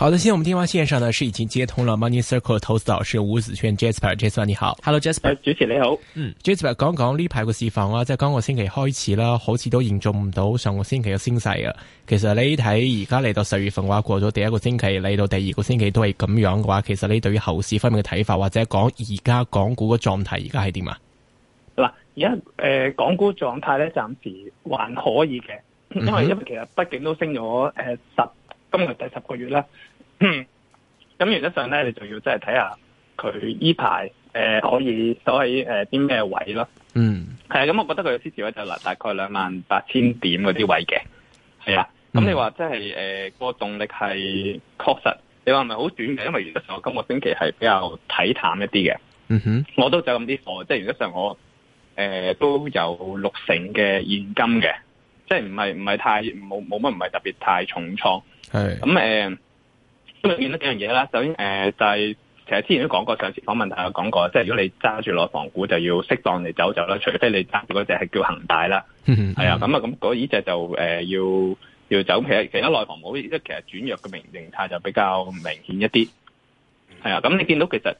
好的，先，我們電話線上呢是已經接通了 Money Circle 投資導師吳子軒 Jasper，Jasper 你好，Hello Jasper，主持你好，Hello, Jasper 人好嗯，Jasper，講講呢排個市況啦，即係今個星期開始啦，好似都延續唔到上個星期嘅升勢啊。其實你睇而家嚟到十月份嘅話，過咗第一個星期嚟到第二個星期都係咁樣嘅話，其實你對於後市方面嘅睇法，或者講而家港股嘅狀態，而家係點啊？嗱、呃，而家誒港股狀態咧暫時還可以嘅，因為因為其實畢竟都升咗誒、呃、十，今日第十個月啦。咁、嗯、原則上咧，你仲要即係睇下佢依排誒可以所喺誒啲咩位咯。嗯，係啊。咁我覺得佢支持位就嗱、是，大概兩萬八千點嗰啲位嘅。係啊。咁你話即係誒個動力係確實？你話唔係好短嘅，因為原則上我今個星期係比較睇淡一啲嘅。嗯哼，我都就咁啲貨，即係原則上我誒、呃、都有六成嘅現金嘅，即係唔係唔係太冇冇乜唔係特別太重倉。係咁誒。嗯呃咁你見到幾樣嘢啦。首先，誒、呃、就係、是、其實之前都講過，上次訪問大家講過，即係如果你揸住內房股，就要適當嚟走走啦。除非你揸住嗰隻係叫恒大啦，係 啊。咁啊，咁嗰依隻就誒、呃、要要走。其實其他內房股，即係其實轉弱嘅形態就比較明顯一啲。係啊，咁你見到其實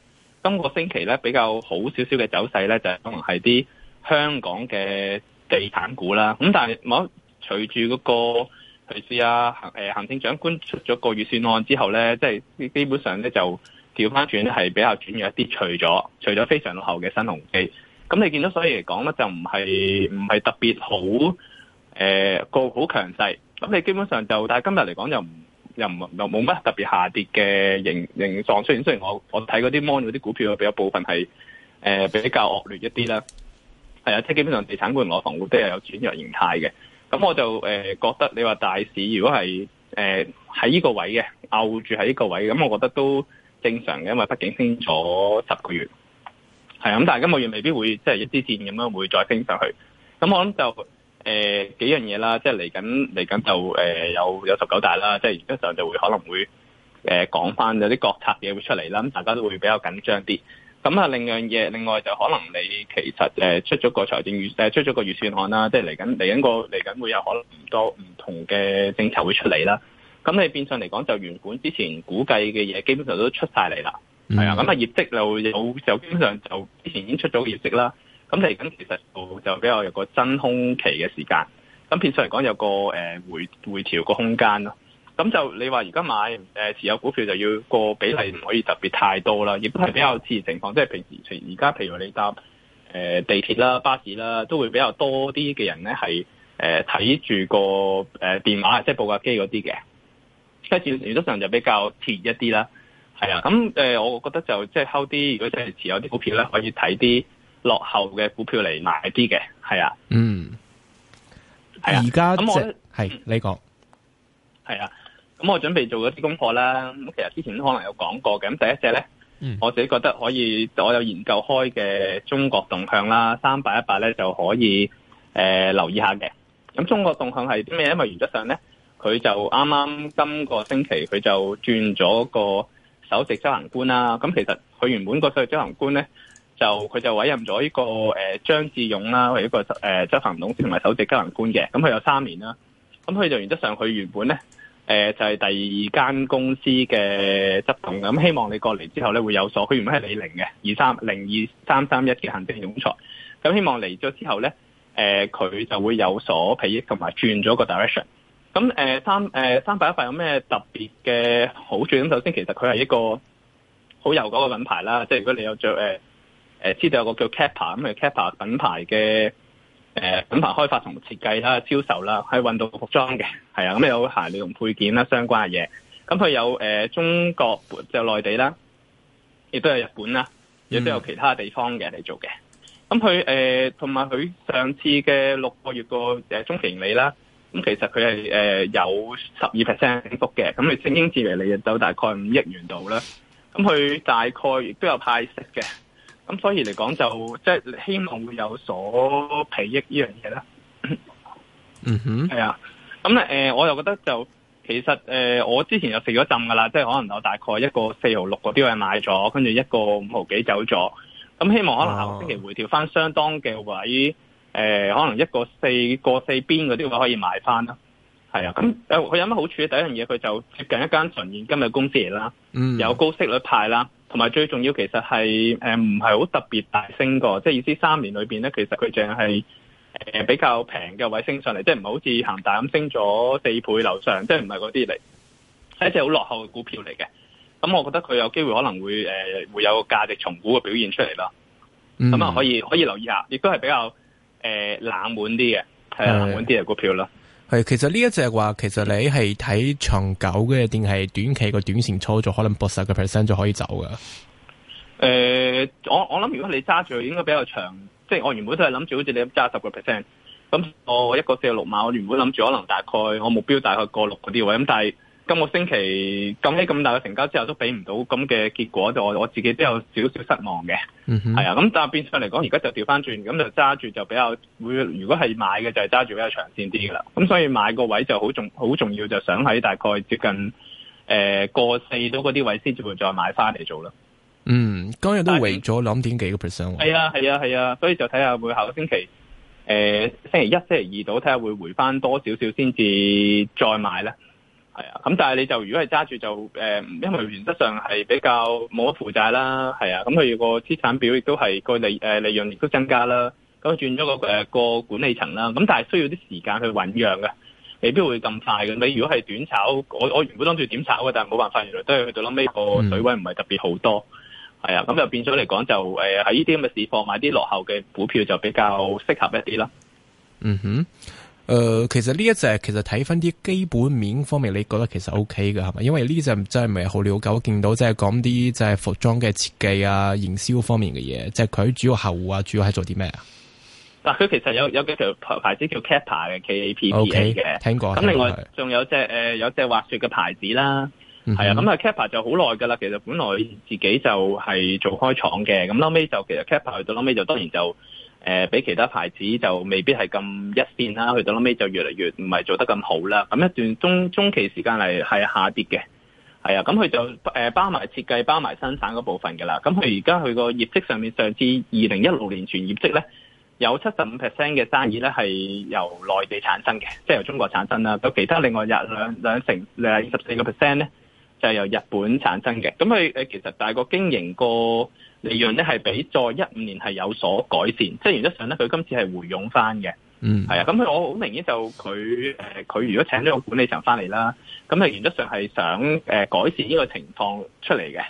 今個星期咧比較好少少嘅走勢咧，就可能係啲香港嘅地產股啦。咁但係我隨住嗰、那個。退市啊！行誒行政長官出咗個預算案之後咧，即係基本上咧就調翻轉係比較轉弱一啲，除咗除咗非常落後嘅新鴻基，咁你見到所以嚟講咧就唔係唔係特別好誒個好強勢，咁你基本上就但係今日嚟講又唔又唔又冇乜特別下跌嘅形形狀出現，雖然雖然我我睇嗰啲 mon 嗰啲股票比較部分係誒、呃、比較惡劣一啲啦，係啊，即係基本上地產股同內房股都係有轉弱形態嘅。咁我就誒、呃、覺得你話大市如果係誒喺呢個位嘅，拗住喺呢個位，咁我覺得都正常嘅，因為畢竟升咗十個月，係啊。咁但係今個月未必會即係一支箭咁樣會再升上去。咁我諗就誒、呃、幾樣嘢啦，即係嚟緊嚟緊就誒、呃、有有十九大啦，即係而家上就會可能會誒、呃、講返有啲國策嘢會出嚟啦，咁大家都會比較緊張啲。咁啊，另一樣嘢，另外就可能你其實誒出咗個財政預誒出咗個預算案啦，即係嚟緊嚟緊個嚟緊會有可能唔多唔同嘅政策會出嚟啦。咁你變相嚟講，就原本之前估計嘅嘢，基本上都出晒嚟啦，係啊。咁啊，業績就有就經常就之前已經出咗業績啦。咁嚟緊其實就比較有個真空期嘅時間。咁變相嚟講，有個誒回回調個空間咯。咁就你話而家買持有股票就要個比例唔可以特別太多啦，亦都係比較視情況，即係平時而家譬如話你搭地鐵啦、巴士啦，都會比較多啲嘅人咧係睇住個電話即係報價機嗰啲嘅，即係原則上就比較熱一啲啦。係啊，咁、呃、我覺得就即係 hold 啲，如果真係持有啲股票咧，可以睇啲落後嘅股票嚟買啲嘅。係啊，嗯，係啊，咁我係你講係啊。咁我準備做嗰啲功課啦。咁其實之前可能有講過嘅。咁第一隻咧，我自己覺得可以，我有研究開嘅中國動向啦。三八一八咧就可以、呃、留意下嘅。咁中國動向係啲咩？因為原則上咧，佢就啱啱今個星期佢就轉咗個首席執行官啦。咁其實佢原本個首席執行官咧，就佢就委任咗呢、這個、呃、張志勇啦，或者一個誒、呃、執行董事同埋首席執行官嘅。咁佢有三年啦。咁佢就原則上佢原本咧。誒、呃、就係、是、第二間公司嘅執董咁、嗯，希望你過嚟之後咧會有所。佢原本係李寧嘅二三零二三三一嘅行政總裁，咁、嗯、希望嚟咗之後咧，誒、呃、佢就會有所裨益同埋轉咗個 direction。咁、嗯、誒、呃、三誒、呃、三百一塊有咩特別嘅好處？咁首先其實佢係一個好有嗰個品牌啦，即係如果你有著誒誒知道有個叫 Kappa 咁、嗯、嘅 Kappa 品牌嘅。誒，品牌開發同設計啦、銷售啦，係運動服裝嘅，係啊，咁有鞋料同配件啦，相關嘅嘢。咁佢有誒、呃、中國就內、是、地啦，亦都有日本啦，亦都有其他地方嘅嚟做嘅。咁佢誒同埋佢上次嘅六個月個誒中期盈利啦，咁其實佢係誒有十二 percent 升幅嘅。咁佢正英字嚟你就大概五億元度啦。咁佢大概亦都有派息嘅。咁所以嚟講就即係希望會有所裨益呢樣嘢啦。嗯哼，係啊。咁咧，誒、呃，我又覺得就其實誒、呃，我之前又食咗浸噶啦，即係可能我大概一個四毫六嗰啲位買咗，跟住一個五毫幾走咗。咁、嗯、希望可能下個星期回調翻，相當嘅位，誒、呃，可能一個四個四邊嗰啲位可以買翻啦。係啊，咁誒，佢有乜好處呢？第一樣嘢，佢就接近一間純現金嘅公司嚟啦，mm-hmm. 有高息率派啦。同埋最重要，其實係唔係好特別大升過，即係意思三年裏面咧，其實佢淨係比較平嘅位升上嚟，即係唔係好似恒大咁升咗四倍樓上，即係唔係嗰啲嚟，係一隻好落後嘅股票嚟嘅。咁、嗯、我覺得佢有機會可能會、呃、會有價值重估嘅表現出嚟囉。咁、嗯、啊，可以可以留意下，亦都係比較誒、呃、冷門啲嘅，係冷門啲嘅股票咯。係，其實呢一隻話，其實你係睇長久嘅，定係短期個短線操作，可能搏十個 percent 就可以走噶。誒、呃，我我諗如果你揸住，應該比較長，即係我原本都係諗住，好似你咁揸十個 percent，咁我一個四十六碼，我原本諗住可能大概我目標大概過六嗰啲位，咁但係。今個星期咁喺咁大嘅成交之後都俾唔到咁嘅結果，就我我自己都有少少失望嘅。係、嗯、啊，咁但係變相嚟講，而家就調翻轉，咁就揸住就比較會。如果係買嘅，就係揸住比較長線啲噶啦。咁所以買個位就好重好重要，就想喺大概接近誒、呃、過四到嗰啲位先，至會再買翻嚟做啦。嗯，今日都贏咗兩點幾個 percent。係啊，係啊，係啊，啊，所以就睇下會下個星期誒、呃、星期一、星期二到睇下會回翻多少少先至再買呢。係啊，咁但係你就如果係揸住就誒、嗯，因為原則上係比較冇乜負債啦，係啊，咁佢個資產表亦都係個利誒利潤亦都增加啦，咁轉咗個誒、呃、個管理層啦，咁但係需要啲時間去醞釀嘅，未必會咁快嘅。你如果係短炒，我我原本諗住點炒嘅，但係冇辦法，原來都係去到拉尾個水位唔係特別好多，係、嗯、啊，咁就變咗嚟講就誒喺呢啲咁嘅市況買啲落後嘅股票就比較適合一啲啦。嗯哼。誒、呃，其實呢一隻其實睇翻啲基本面方面，你覺得其實 O K 嘅係咪？因為呢隻真係唔係好了解，見到即係講啲即係服裝嘅設計啊、營銷方面嘅嘢，即係佢主要客戶啊，主要係做啲咩啊？嗱，佢其實有有幾條牌牌子叫 Kappa 嘅 K A P P 嘅，okay, 聽過。咁另外仲有隻、呃、有隻滑雪嘅牌子啦，係、嗯、啊。咁啊 Kappa 就好耐㗎啦。其實本來自己就係做開廠嘅，咁後屘就其實 Kappa 去到後屘就當然就。誒、呃，比其他牌子就未必係咁一線啦，去到後尾就越嚟越唔係做得咁好啦。咁一段中中期時間係係下跌嘅，係啊，咁佢就誒包埋設計、包埋生產嗰部分㗎啦。咁佢而家佢個業績上面，上至二零一六年全年業績咧，有七十五 percent 嘅生意咧係由內地產生嘅，即係由中國產生啦。咁其他另外日兩兩成兩十四個 percent 咧，就係由日本產生嘅。咁佢誒其實大個經營過。利潤咧係比在一五年係有所改善，即係原則上咧佢今次係回勇翻嘅，嗯，係啊，咁佢我好明顯就佢誒佢如果請咗個管理層翻嚟啦，咁啊原則上係想誒、呃、改善呢個情況出嚟嘅，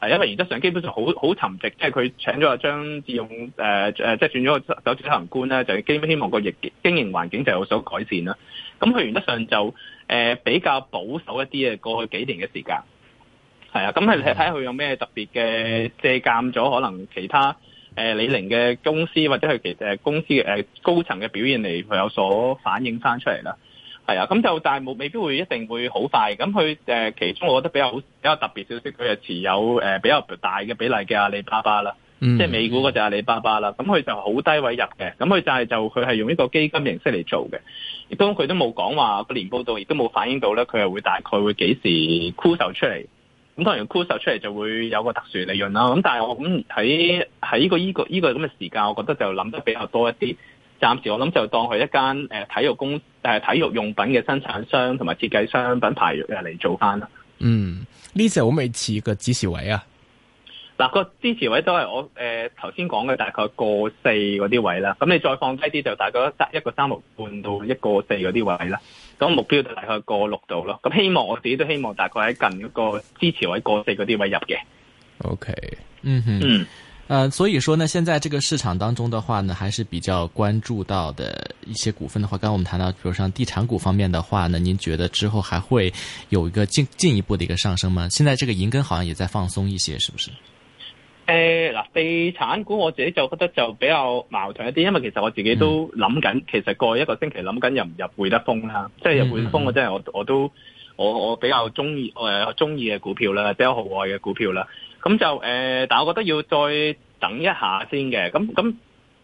係因為原則上基本上好好沉寂，即係佢請咗張志勇誒誒，即係轉咗個首席執行官咧，就基本希望個營經營環境就有所改善啦，咁佢原則上就誒、呃、比較保守一啲嘅過去幾年嘅時間。係啊，咁係睇下佢有咩特別嘅借鑑咗，可能其他誒、呃、李寧嘅公司或者佢其實公司誒、呃、高層嘅表現嚟佢有所反映返出嚟啦。係啊，咁就但係冇未必會一定會好快。咁佢、呃、其中，我覺得比較好比較特別少少，佢係持有誒、呃、比較大嘅比例嘅阿里巴巴啦，即、嗯、係、就是、美股嗰隻阿里巴巴啦。咁佢就好低位入嘅，咁佢就係就佢係用呢個基金形式嚟做嘅，亦都佢都冇講話個年報道亦都冇反映到咧，佢係會大概會幾時沽售出嚟。咁當然 c 酷售出嚟就會有個特殊利潤啦。咁但係我咁喺喺呢個依個依個咁嘅時間，我覺得就諗得比較多一啲。暫時我諗就當佢一間誒體育公誒體育用品嘅生產商同埋設計商品牌嚟做翻啦。嗯，呢隻好未似個支持位啊。嗱個支持位都係我誒頭先講嘅大概個四嗰啲位啦。咁你再放低啲，就大概得一個三六半到一個四嗰啲位啦。咁目標就大概過六度咯，咁希望我自己都希望大概喺近一個支持位過四嗰啲位入嘅。O、okay, K，嗯哼嗯，誒、呃，所以說呢，現在這個市場當中的話呢，還是比較關注到的一些股份的話，剛剛我們談到，比如像地產股方面的話呢，您覺得之後還會有一個進進一步的一個上升嗎？現在這個銀根好像也在放鬆一些，是不是？誒，嗱，地產股我自己就覺得就比較矛盾一啲，因為其實我自己都諗緊、嗯，其實過一個星期諗緊入唔入會德豐啦，即係會德豐、嗯、我真係我我都我我比較中意誒中意嘅股票啦，比較豪愛嘅股票啦，咁就誒、呃，但係我覺得要再等一下先嘅，咁咁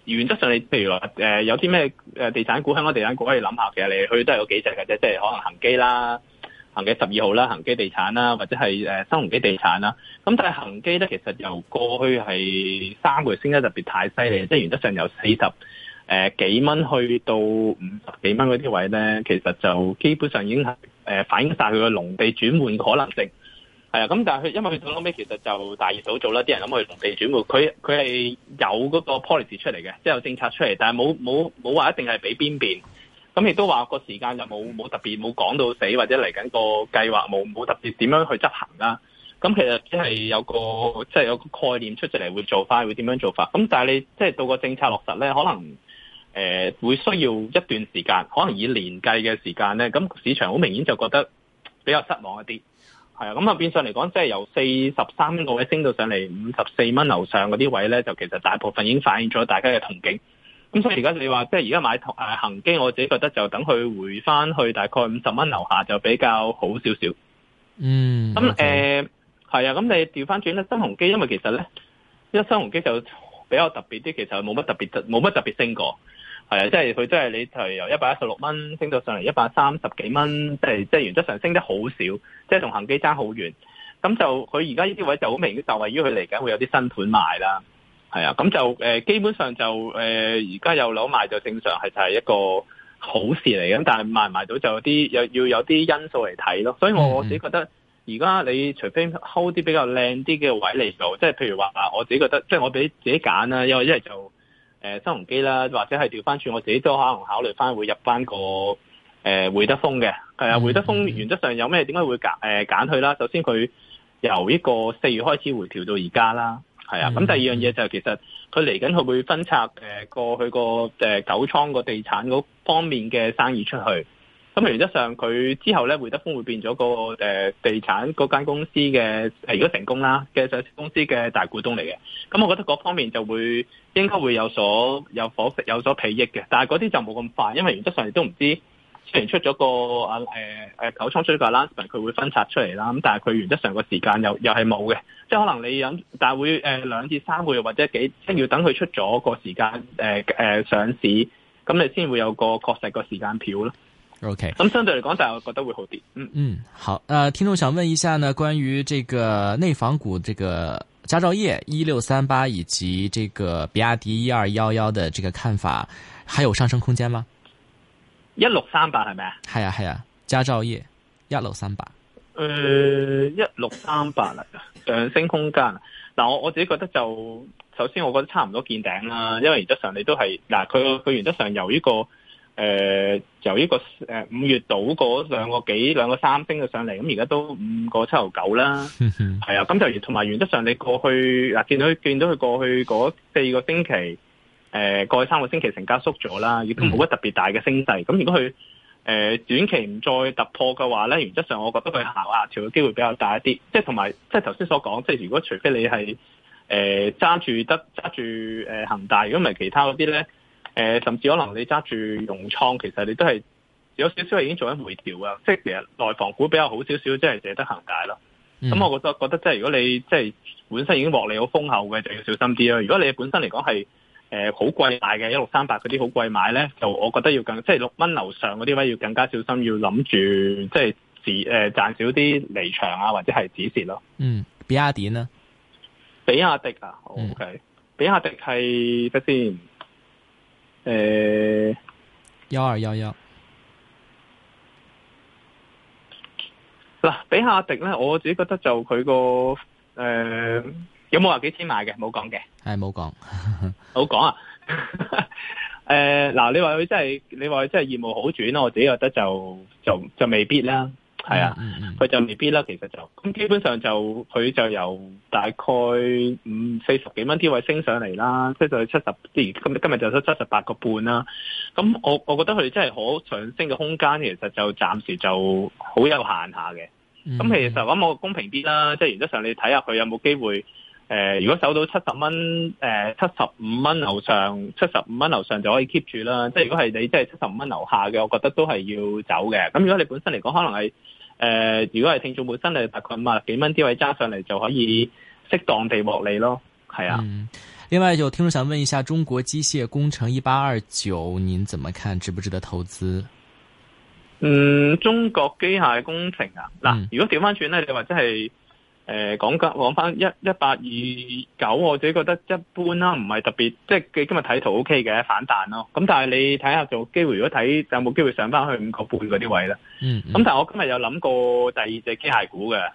原則上你譬如話誒、呃、有啲咩誒地產股香港地產股可以諗下嘅，其實你去都係有幾隻嘅啫，即、就、係、是、可能恒基啦。行嘅十二號啦，恒基地產啦，或者係新鴻基地產啦。咁但係恒基咧，其實由過去係三個月升得特別太犀利，即、嗯、係、就是、原則上由四十幾蚊去到五十幾蚊嗰啲位咧，其實就基本上已經係反映曬佢嘅農地轉換可能性。係啊，咁但係佢因為佢到後尾其實就大熱倒灶啦，啲人諗去農地轉換，佢佢係有嗰個 policy 出嚟嘅，即、就、係、是、有政策出嚟，但係冇冇冇話一定係俾邊邊。咁亦都話個時間又冇冇特別冇講到死，或者嚟緊個計劃冇冇特別點樣去執行啦、啊。咁其實即係有個即係、就是、有個概念出咗嚟，會做返，會點樣做法。咁但係你即係、就是、到個政策落實咧，可能、呃、會需要一段時間，可能以年計嘅時間咧，咁市場好明顯就覺得比較失望一啲。係啊，咁啊變相嚟講，即、就、係、是、由四十三個位升到54上嚟五十四蚊樓上嗰啲位咧，就其實大部分已經反映咗大家嘅憧憬。咁所以而家你話，即係而家買誒恒基，我自己覺得就等佢回翻去大概五十蚊樓下就比較好少少。嗯，咁誒係啊，咁、嗯呃、你調翻轉咧，新鴻基，因為其實咧，一新鴻基就比較特別啲，其實冇乜特別，冇乜特別升過，係啊，即係佢即係你係由一百一十六蚊升到上嚟一百三十幾蚊，即係即係原則上升得好少，即係同恒基差好遠。咁就佢而家呢啲位就好明顯就位於佢嚟緊會有啲新盤賣啦。係啊，咁就、呃、基本上就誒而家有樓賣就正常，係就係一個好事嚟嘅。咁但係賣唔賣到就有啲有要有啲因素嚟睇咯。所以我我自己覺得而家你除非 hold 啲比較靚啲嘅位嚟做，即係譬如話我自己覺得，即係我俾自己揀啦。因為一係就誒新鴻基啦，或者係調翻轉我自己都可能考慮翻會入翻個誒匯、呃、德豐嘅。係啊，匯德豐原則上有咩點解會揀誒揀佢啦？首先佢由呢個四月開始回調到而家啦。係、嗯、啊，咁、嗯嗯、第二樣嘢就係、其實佢嚟緊佢會分拆誒過去個誒九倉個地產嗰方面嘅生意出去，咁原則上佢之後咧，會德豐會變咗個誒地產嗰間公司嘅誒如果成功啦嘅上市公司嘅大股東嚟嘅，咁我覺得嗰方面就會應該會有所有伙食有所裨益嘅，但係嗰啲就冇咁快，因為原則上亦都唔知。雖然出咗個啊九倉追加佢會分拆出嚟啦，咁但係佢原則上個時間又又係冇嘅，即可能你有，但會兩至三個月或者幾，即要等佢出咗個時間、呃呃、上市，咁你先會有個確實個時間票咯。OK，咁相對嚟講就我覺得會好啲。嗯嗯，好。呃，聽眾想問一下呢，關於這個內房股，這個佳兆業一六三八以及這個比亞迪一二一一的這個看法，還有上升空間嗎？一六三八係咪啊？係啊係啊，佳兆業一六三八。誒，一六三八啦，上升空間。嗱、呃，我我自己覺得就，首先我覺得差唔多見頂啦，因為原則上你都係嗱，佢、呃、佢原則上由呢、這個誒、呃、由呢、這個誒、呃、五月度嗰兩個幾兩個三星就上嚟，咁而家都五個七毫九啦。係 啊，咁就同埋原則上你過去嗱、呃，見到見到佢過去嗰四個星期。誒、呃、過去三個星期成交縮咗啦，亦都冇乜特別大嘅升勢。咁如果佢誒、呃、短期唔再突破嘅話咧，原則上我覺得佢下壓調嘅機會比較大一啲。即係同埋即係頭先所講，即係如果除非你係誒揸住得揸住誒恒大，如果唔係其他嗰啲咧，誒、呃、甚至可能你揸住融創，其實你都係有少少係已經做緊回調啊。即係其實內房股比較好少少，即係捨得恒大咯。咁、嗯、我覺得覺得即係如果你即係本身已經獲利好豐厚嘅，就要小心啲啦。如果你本身嚟講係，誒、呃，好貴買嘅一六三八嗰啲好貴買咧，就我覺得要更即係六蚊樓上嗰啲位要更加小心，要諗住即係止誒賺少啲離場啊，或者係止蝕咯。嗯，比亞迪呢、啊？比亞迪啊，OK，、嗯、比亞迪係得先，誒，幺二幺幺。嗱，比亞迪咧，我自己覺得就佢個誒。呃有冇話幾千買嘅？冇講嘅，係冇講，冇講啊！誒，嗱，你話佢真係，你話佢真係業務好轉咯？我自己覺得就就就未必啦，係啊，佢、嗯嗯嗯、就未必啦。其實就咁，基本上就佢就由大概五、四、十幾蚊啲位升上嚟啦，即係到七十，而今今日就到七十八個半啦。咁我我覺得佢真係可上升嘅空間，其實就暫時就好有限下嘅。咁、嗯嗯、其實我諗我公平啲啦，即、就、係、是、原則上你睇下佢有冇機會。誒、呃，如果走到七十蚊，誒，七十五蚊樓上，七十五蚊樓上就可以 keep 住啦。即係如果係你即係七十五蚊樓下嘅，我覺得都係要走嘅。咁如果你本身嚟講，可能係誒、呃，如果係聽眾本身，你大概五萬幾蚊啲位揸上嚟就可以適當地獲利咯。係啊、嗯。另外有聽眾想問一下，中國機械工程一八二九，您怎麼看？值不值得投資？嗯，中國機械工程啊，嗱、嗯，如果調翻轉咧，你話即係。誒、呃、講緊講翻一一八二九，我自己覺得一般啦，唔係特別，即係佢今日睇圖 O K 嘅反彈咯。咁但係你睇下有機會，如果睇有冇機會上翻去五個半嗰啲位咧？咁、嗯嗯嗯、但係我今日有諗過第二隻機械股嘅，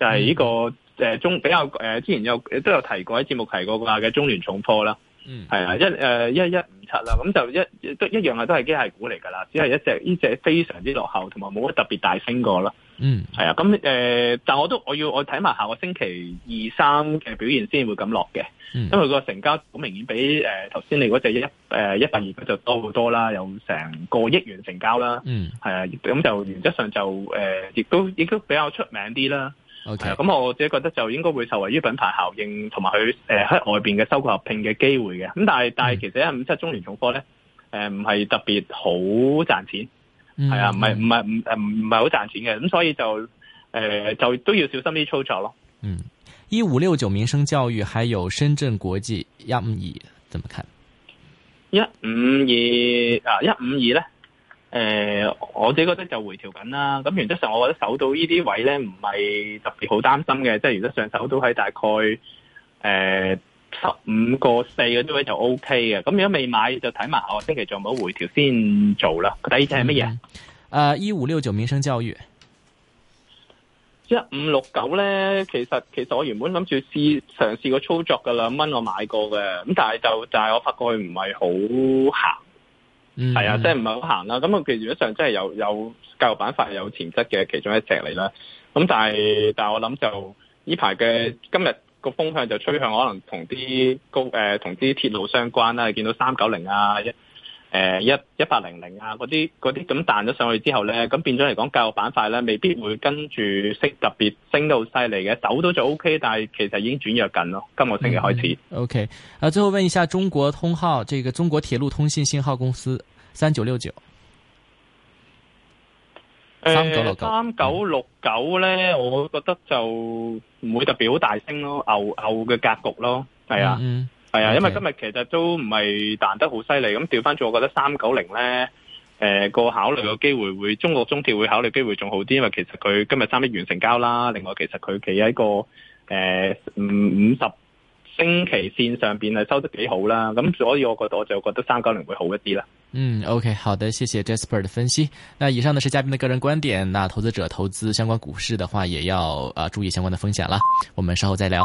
就係、是、呢、這個誒、嗯呃、中比較誒、呃、之前有都有提過喺節目提過㗎嘅中聯重科啦。嗯，係啊，一誒、呃、一一、一五七啦，咁就一都一樣啊，都係機械股嚟㗎啦，只係一隻呢隻非常之落後，同埋冇乜特別大升過啦。嗯，係啊，咁誒、呃，但我都我要我睇埋下個星期二三嘅表現先會咁落嘅、嗯，因為個成交好明顯比誒頭先你嗰隻一誒、呃、一百二就多好多啦，有成個億元成交啦。嗯，係啊，咁就原則上就誒，亦、呃、都亦都比較出名啲啦。咁、okay。我我自己覺得就應該會受惠於品牌效應同埋佢誒喺外邊嘅收購合併嘅機會嘅，咁但係但係其實一五七中聯重科咧，誒唔係特別好賺錢，係、嗯、啊，唔係唔係唔唔係好賺錢嘅，咁所以就誒、呃、就都要小心啲操作咯。嗯，一五六九民生教育，還有深圳國際，一五二，怎麼看？一五二啊，一五二咧。誒、呃,我自己覺得就回調緊啦。咁原則上，我覺得手到呢啲位咧，唔係特別好擔心嘅。即係原則上，手到喺大概誒十五個四嗰啲位就 O K 嘅。咁如果未買就睇埋下個星期仲有冇回調先做啦。第二隻係乜嘢啊？一五六九民生教育，一五六九咧，其實其實我原本諗住試嘗試個操作噶兩蚊，我買過嘅。咁但係就就係、是、我發覺佢唔係好行。係、mm-hmm. 啊，即係唔係好行啦、啊。咁、嗯、啊、嗯，其實如果上真係有有教育板塊有潛質嘅其中一隻嚟啦。咁但係，但係我諗就呢排嘅今日個風向就吹向可能同啲高同啲、呃、鐵路相關啦、啊。你見到三九零啊一。誒、呃，一一八零零啊，嗰啲嗰啲咁彈咗上去之後咧，咁變咗嚟講，教育板塊咧未必會跟住升，特別升到犀利嘅，走都就 O K，但係其實已經轉弱緊咯。今個星期開始。嗯、o、okay. K，啊，最後問一下中國通號，這個中國鐵路通信信號公司三九六九。三九六九，三九六九咧，我覺得就唔會特別好大升咯，牛牛嘅格局咯，係啊。嗯嗯係啊，因為今日其實都唔係彈得好犀利，咁調翻轉，我覺得三九零咧，誒、呃、個考慮嘅機會會中國中鐵會考慮機會仲好啲，因為其實佢今日三億元成交啦，另外其實佢企喺個誒五五十星期線上邊係收得幾好啦，咁所以我覺得我就覺得三九零會好一啲啦。嗯，OK，好的，謝謝 Jasper 的分析。那以上呢是嘉賓的個人觀點，那投資者投資相關股市的話，也要啊注意相關的風險啦。我們稍後再聊。